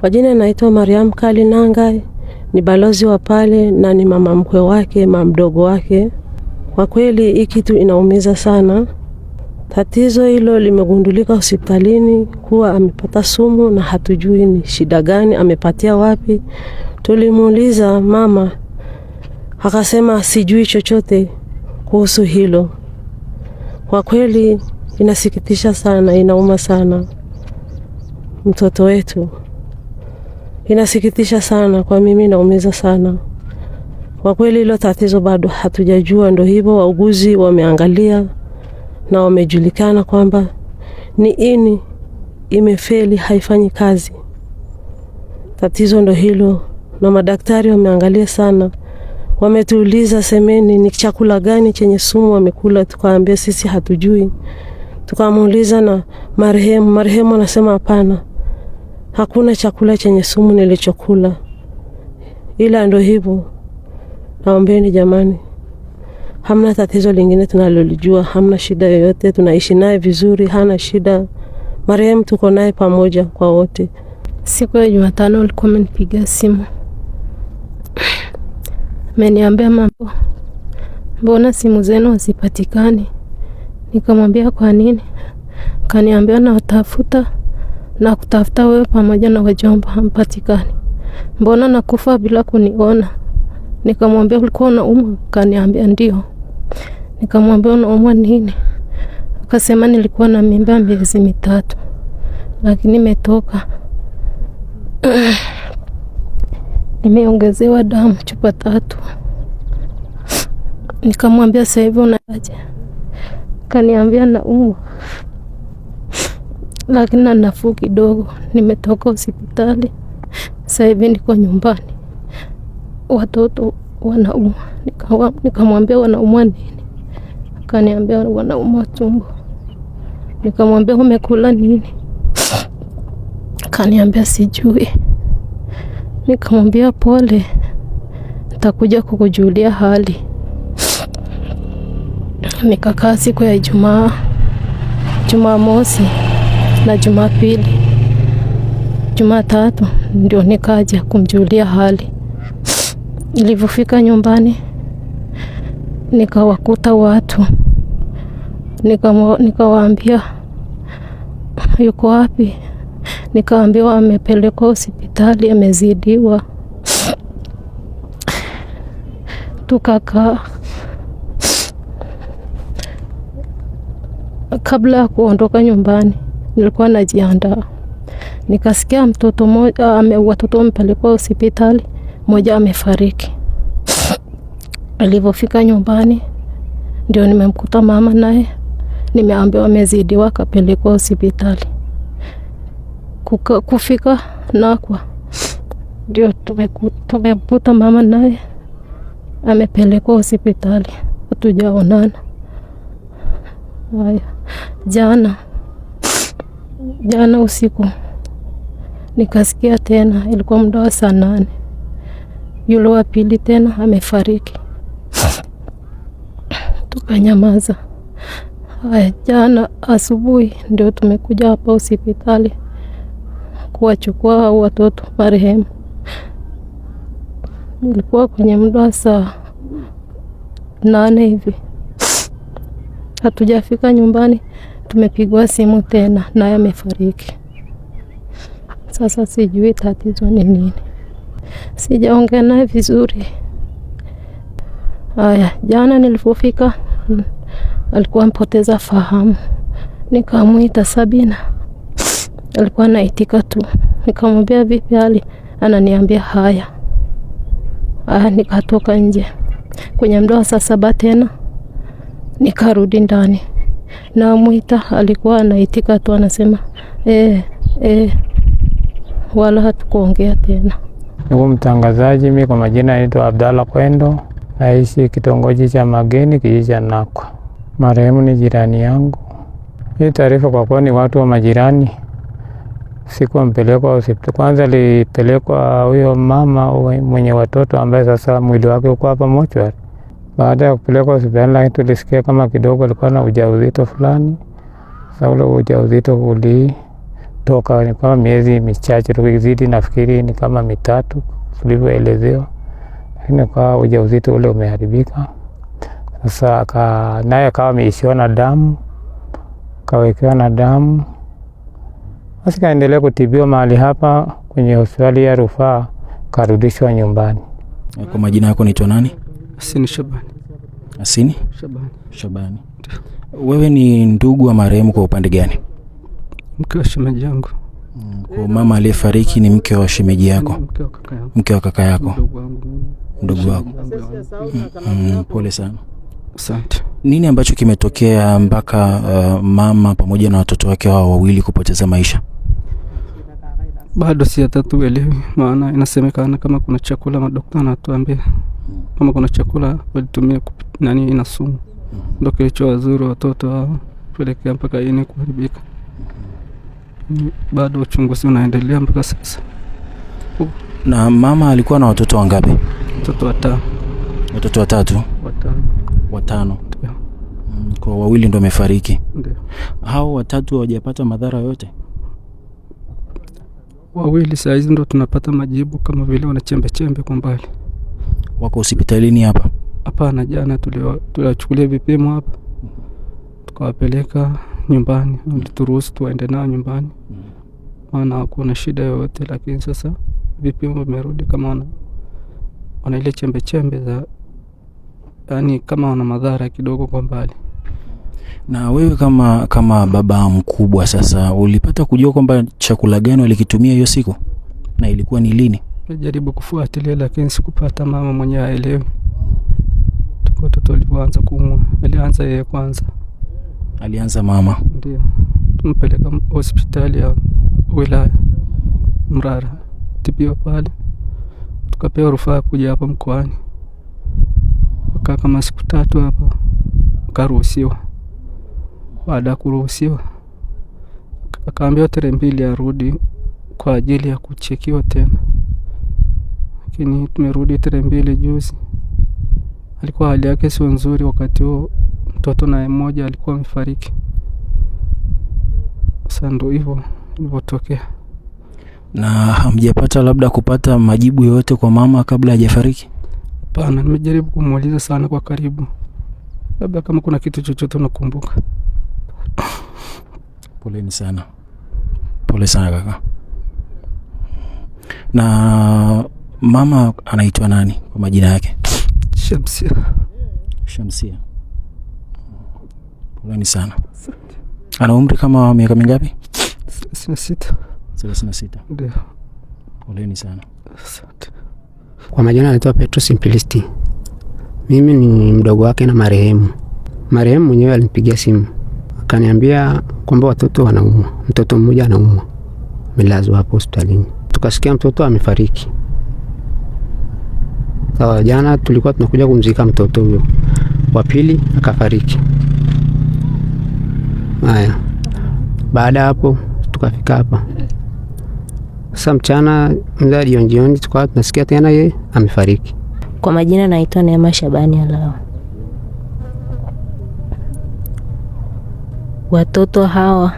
Kwa jina naitwa Mariam Kali Nanga, ni balozi wa pale na ni mama mkwe wake, mama mdogo wake. Kwa kweli hii kitu inaumiza sana. Tatizo hilo limegundulika hospitalini kuwa amepata sumu na hatujui ni shida gani amepatia wapi. Tulimuuliza mama akasema sijui chochote kuhusu hilo. Kwa kweli inasikitisha sana, inauma sana mtoto wetu Inasikitisha sana kwa mimi, naumiza sana kwa kweli. Hilo tatizo bado hatujajua, ndo hivyo wauguzi wameangalia na wamejulikana kwamba ni ini imefeli, haifanyi kazi. Tatizo ndo hilo, na madaktari wameangalia sana, wametuuliza semeni, ni chakula gani chenye sumu wamekula? Tukaambia sisi hatujui. Tukamuuliza na marehemu, marehemu anasema hapana Hakuna chakula chenye sumu nilichokula, ila ndo hivyo. Naombeni jamani, hamna tatizo lingine tunalolijua, hamna shida yoyote, tunaishi naye vizuri, hana shida. Marehemu tuko naye pamoja kwa wote. Siku ya Jumatano alikuwa umenipigia simu, ameniambia mambo, mbona simu zenu hazipatikani? Nikamwambia kwa nini, kaniambia nawatafuta na kutafuta wewe pamoja na wajomba hampatikani, mbona nakufa bila kuniona? Nikamwambia ulikuwa unaumwa? Kaniambia ndio. Nikamwambia unaumwa nini? Akasema nilikuwa na mimba miezi mitatu lakini imetoka nimeongezewa damu chupa tatu. Nikamwambia sasa hivi kaniambia Kaniambia naumwa lakini na nafuu kidogo. Nimetoka hospitali sasa hivi niko nyumbani, watoto wanaumwa. Nikamwambia wanaumwa nini? Akaniambia wanaumwa tumbo. Nikamwambia umekula nini? Akaniambia sijui. Nikamwambia pole, nitakuja kukujulia hali. Nikakaa siku ya Ijumaa, Jumamosi na Jumapili, Jumatatu ndio nikaja kumjulia hali. ilivyofika nyumbani nikawakuta watu, nikawaambia nika yuko wapi? Nikaambiwa amepelekwa hospitali, amezidiwa. Tukakaa. Kabla ya kuondoka nyumbani nilikuwa najiandaa, nikasikia mtoto mmoja ame, watoto wamepelekwa hospitali, mmoja amefariki. Alivyofika nyumbani, ndio nimemkuta mama naye, nimeambiwa amezidiwa, akapelekwa hospitali. Kufika Nakwa ndio tumemkuta mama naye amepelekwa hospitali, hatujaonana. Haya, jana jana usiku nikasikia tena, ilikuwa muda wa saa nane, yule wa pili tena amefariki. Tukanyamaza. Haya, jana asubuhi ndio tumekuja hapa hospitali kuwachukua au watoto marehemu. Nilikuwa kwenye muda wa saa nane hivi, hatujafika nyumbani tumepigwa simu tena, naye amefariki. Sasa sijui tatizo ni nini, sijaongea naye vizuri. Haya, jana nilipofika alikuwa mpoteza fahamu, nikamwita Sabina, alikuwa anaitika tu. Nikamwambia vipi hali, ananiambia haya. Haya, nikatoka nje kwenye mdoa wa saa saba tena nikarudi ndani na Mwita alikuwa anaitika tu anasema eh, eh, wala hatukuongea tena. Ndugu mtangazaji, mi kwa majina naitwa Abdalla Kwendo, naishi kitongoji cha Mageni, kijiji cha Nakwa. Marehemu ni jirani yangu. Hii taarifa kwa kuwa ni watu wa majirani, siku ampelekwa hospitali kwanza, alipelekwa huyo mama mwenye watoto ambaye sasa mwili wake uko hapa mochwari baada ya kupelekwa hospitali, lakini tulisikia kama kidogo alikuwa na ujauzito fulani. Sasa ule ujauzito ulitoka, ni kama miezi michache tu tukizidi, nafikiri ni kama mitatu tulivyoelezewa, lakini kwa ujauzito ule umeharibika. Sasa naye akawa ameishiwa na damu, kawekewa na damu, basi kaendelea kutibiwa mahali hapa kwenye hospitali ya rufaa, karudishwa nyumbani. Kwa majina yako naitwa nani? Asini Shabani. Asini Shabani. Shabani, wewe ni ndugu wa marehemu kwa upande gani? Mke wa shemeji yangu. Kwa mama aliyefariki ni mke wa shemeji yako? Mke wa kaka yako, ndugu wako. Mm, mm, pole sana. Asante. Nini ambacho kimetokea mpaka uh, mama pamoja na watoto wake hao wawili kupoteza maisha? Bado si atatuelewi, maana inasemekana kama kuna chakula madokta anatuambia kama kuna chakula walitumia nani ina sumu, mm-hmm. ndio kilicho wazuri watoto wao pelekea mpaka ini kuharibika. Mm-hmm. Bado uchunguzi unaendelea mpaka sasa. Na mama alikuwa na watoto wangapi? Watoto watano. Watoto watatu? Watano. Watano. Mm, kwa wawili ndio wamefariki. Ndio. Hao watatu hawajapata madhara yote? Wawili saa hizi ndio tunapata majibu kama vile wanachembechembe kwa mbali. Wako hospitalini hapa? Hapana, jana tuliwachukulia vipimo hapa tukawapeleka nyumbani, walituruhusu tuwaende nao nyumbani, maana hakuna shida yoyote. Lakini sasa vipimo vimerudi kama wana, wana ile chembe chembe za yani kama wana madhara kidogo kwa mbali. Na wewe kama kama baba mkubwa sasa, ulipata kujua kwamba chakula gani walikitumia hiyo siku na ilikuwa ni lini? Jaribu kufuatilia lakini sikupata mama mwenyewe aelewe. Tuko watoto walipoanza kuumwa, alianza yeye kwanza, alianza mama, ndio tumpeleka hospitali ya wilaya Mrara, tibiwa pale, tukapewa rufaa kuja hapa mkoani, wakaa kama siku tatu hapa, akaruhusiwa. Baada ya kuruhusiwa, akaambiwa tere mbili arudi kwa ajili ya kuchekiwa tena lakini tumerudi tarehe mbili juzi. Alikuwa hali yake sio nzuri wakati huo, mtoto naye mmoja alikuwa amefariki. sa ndo hivyo ilivyotokea. Na hamjapata labda kupata majibu yoyote kwa mama kabla hajafariki? Hapana, nimejaribu kumuuliza sana kwa karibu, labda kama kuna kitu chochote unakumbuka. Poleni sana, pole sana kaka na Mama anaitwa nani kwa majina yake? Shamsia. Shamsia. Poleni sana. Ana umri kama miaka mingapi? 36. 36. Ndio. Poleni sana. Kwa majina anaitwa Petro Simplisti. Mimi ni mdogo wake na marehemu. Marehemu mwenyewe alinipigia simu akaniambia kwamba watoto wanaumwa, mtoto mmoja anaumwa, amelazwa hapo hospitalini. Tukasikia mtoto amefariki Sawa, uh, jana tulikuwa tunakuja kumzika mtoto huyo wa pili akafariki. Haya, baada hapo tukafika hapa sasa mchana mda jioni jioni, tukawa tunasikia tena yeye amefariki. Kwa majina naitwa Neema Shabani Alao. Watoto hawa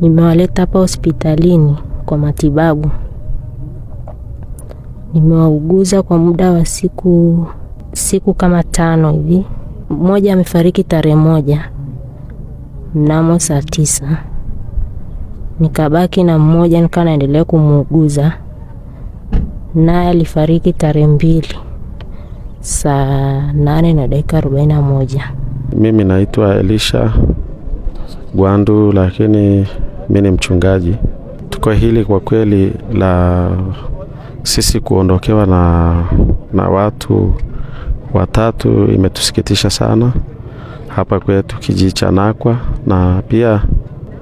nimewaleta hapa hospitalini kwa matibabu. Nimewauguza kwa muda wa siku siku kama tano hivi. Mmoja amefariki tarehe moja mnamo saa tisa, nikabaki na mmoja nikawa naendelea kumuuguza, naye alifariki tarehe mbili saa nane na dakika arobaini na moja. Mimi naitwa Elisha Gwandu, lakini mi ni mchungaji. Tuko hili kwa kweli la sisi kuondokewa na, na watu watatu imetusikitisha sana hapa kwetu kijiji cha Nakwa, na pia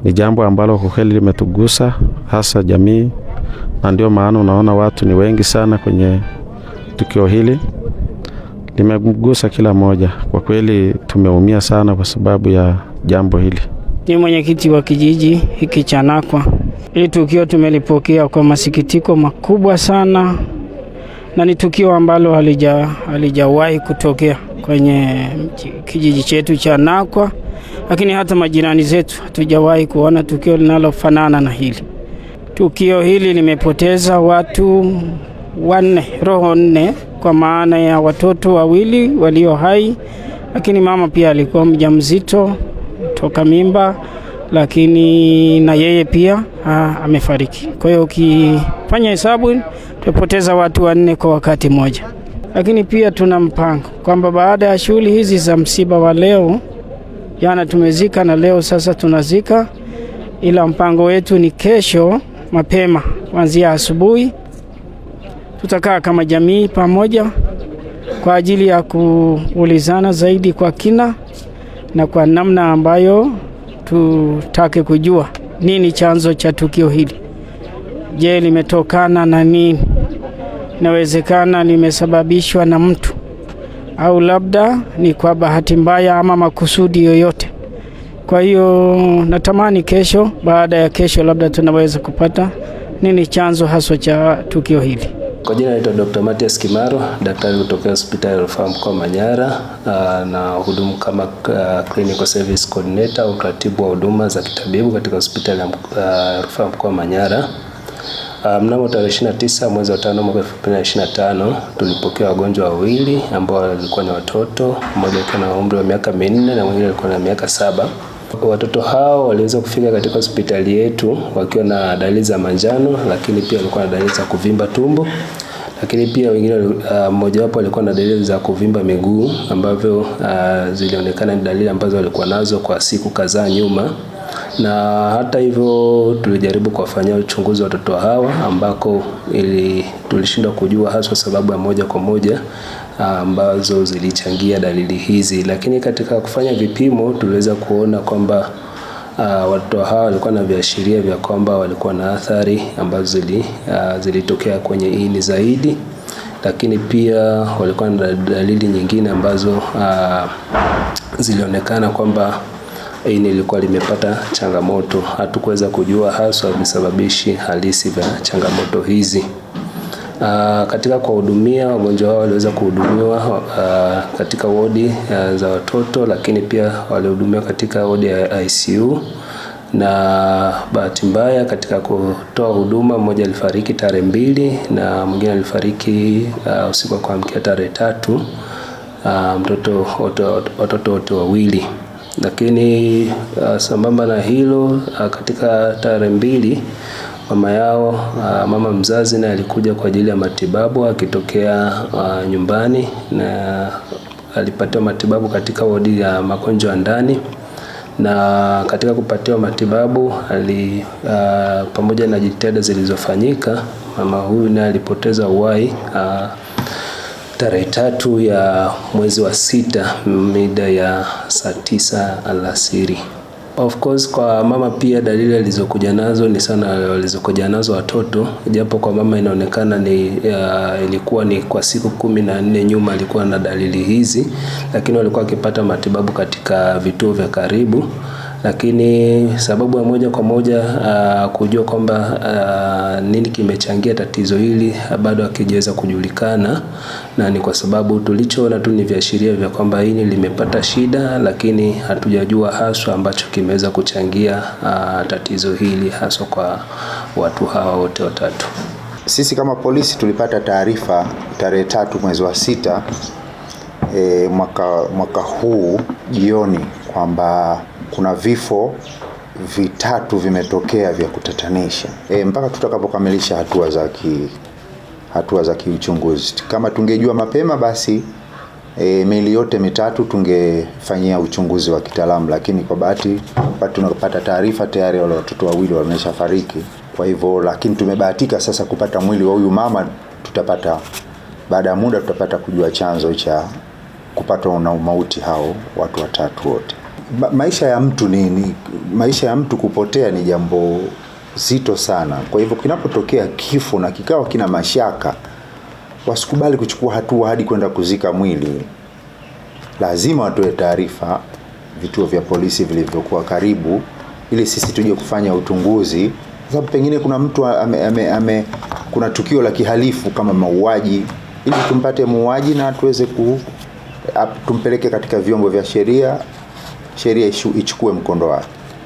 ni jambo ambalo kwa kweli limetugusa hasa jamii, na ndio maana unaona watu ni wengi sana kwenye tukio hili, limegusa kila moja Kwa kweli tumeumia sana kwa sababu ya jambo hili. Ni mwenyekiti wa kijiji hiki cha Nakwa Hili tukio tumelipokea kwa masikitiko makubwa sana, na ni tukio ambalo halija halijawahi kutokea kwenye kijiji chetu cha Nakwa, lakini hata majirani zetu hatujawahi kuona tukio linalofanana na hili. Tukio hili limepoteza watu wanne, roho nne, kwa maana ya watoto wawili walio hai, lakini mama pia alikuwa mjamzito toka mimba lakini na yeye pia amefariki. Kwa hiyo ukifanya hesabu tumepoteza watu wanne kwa wakati mmoja, lakini pia tuna mpango kwamba baada ya shughuli hizi za msiba wa leo, jana tumezika na leo sasa tunazika, ila mpango wetu ni kesho mapema kuanzia asubuhi tutakaa kama jamii pamoja kwa ajili ya kuulizana zaidi kwa kina na kwa namna ambayo tutake kujua nini chanzo cha tukio hili. Je, limetokana na nini? Inawezekana limesababishwa na mtu au labda ni kwa bahati mbaya ama makusudi yoyote. Kwa hiyo natamani kesho, baada ya kesho, labda tunaweza kupata nini chanzo haswa cha tukio hili. Kwa jina naitwa Dr. Matias Kimaro, daktari kutoka hospitali ya Rufaa mkoa wa Manyara ah, na hudumu kama ah, clinical service coordinator, utaratibu wa huduma za kitabibu katika hospitali ya ah, Rufaa mkoa wa Manyara. Mnamo tarehe 29 mwezi wa 5 mwaka 2025 tulipokea wagonjwa wawili ambao walikuwa ni watoto, mmoja alikuwa na umri wa miaka minne na mwingine alikuwa na miaka saba. Watoto hao waliweza kufika katika hospitali yetu wakiwa na dalili za manjano, lakini pia walikuwa na dalili za kuvimba tumbo, lakini pia wengine ah, mmojawapo, wapo alikuwa na dalili za kuvimba miguu ambavyo, uh, zilionekana ni dalili ambazo walikuwa nazo kwa siku kadhaa nyuma na hata hivyo tulijaribu kuwafanyia uchunguzi watoto hawa ambako ili tulishindwa kujua haswa sababu ya moja kwa moja ambazo zilichangia dalili hizi, lakini katika kufanya vipimo tuliweza kuona kwamba Uh, watoto hawa walikuwa na viashiria vya kwamba walikuwa na athari ambazo zili, uh, zilitokea kwenye ini zaidi, lakini pia walikuwa na dalili nyingine ambazo uh, zilionekana kwamba ini lilikuwa limepata changamoto. Hatukuweza kujua haswa visababishi halisi vya changamoto hizi. Aa, ah, katika kuwahudumia wagonjwa hao waliweza kuhudumiwa ah, katika wodi ah, za watoto, lakini pia walihudumiwa katika wodi ya ICU na bahati mbaya katika kutoa huduma, mmoja alifariki tarehe mbili na mwingine alifariki uh, usiku wa kuamkia tarehe tatu. Uh, mtoto watoto wote wawili lakini uh, sambamba na hilo uh, katika tarehe mbili mama yao uh, mama mzazi naye alikuja kwa ajili ya matibabu akitokea uh, nyumbani na alipatiwa matibabu katika wodi ya magonjwa ya ndani na katika kupatiwa matibabu ali, uh, pamoja na jitihada zilizofanyika mama huyu naye alipoteza uhai uh, tarehe tatu ya mwezi wa sita mida ya saa tisa alasiri. Of course kwa mama pia dalili alizokuja nazo ni sana walizokuja nazo watoto, japo kwa mama inaonekana ni uh, ilikuwa ni kwa siku kumi na nne nyuma alikuwa na dalili hizi, lakini walikuwa wakipata matibabu katika vituo vya karibu. Lakini sababu ya moja kwa moja ah, kujua kwamba ah, nini kimechangia tatizo hili bado hakijaweza kujulikana na ni kwa sababu tulichoona tu ni viashiria vya kwamba hili limepata shida lakini hatujajua haswa ambacho kimeweza kuchangia ah, tatizo hili haswa kwa watu hawa wote watatu. Sisi kama polisi tulipata taarifa tarehe tatu mwezi wa sita e, mwaka, mwaka huu jioni kwamba kuna vifo vitatu vimetokea vya kutatanisha e, mpaka tutakapokamilisha hatua za ki hatua za kiuchunguzi. Kama tungejua mapema basi e, miili yote mitatu tungefanyia uchunguzi wa kitaalamu, lakini kwa bahati tunapata taarifa tayari wale watoto wawili wameshafariki. Kwa hivyo, lakini tumebahatika sasa kupata mwili wa huyu mama, tutapata baada ya muda tutapata kujua chanzo cha kupatwa na umauti hao watu watatu wote ma maisha ya mtu ni, ni maisha ya mtu kupotea ni jambo zito sana. Kwa hivyo kinapotokea kifo na kikawa kina mashaka, wasikubali kuchukua hatua hadi kwenda kuzika mwili. Lazima watoe taarifa vituo vya polisi vilivyokuwa karibu, ili sisi tuje kufanya uchunguzi, sababu pengine kuna mtu ame, ame, ame, kuna tukio la kihalifu kama mauaji, ili tumpate muuaji na tuweze ku tumpeleke katika vyombo vya sheria sheria ichukue mkondo wake.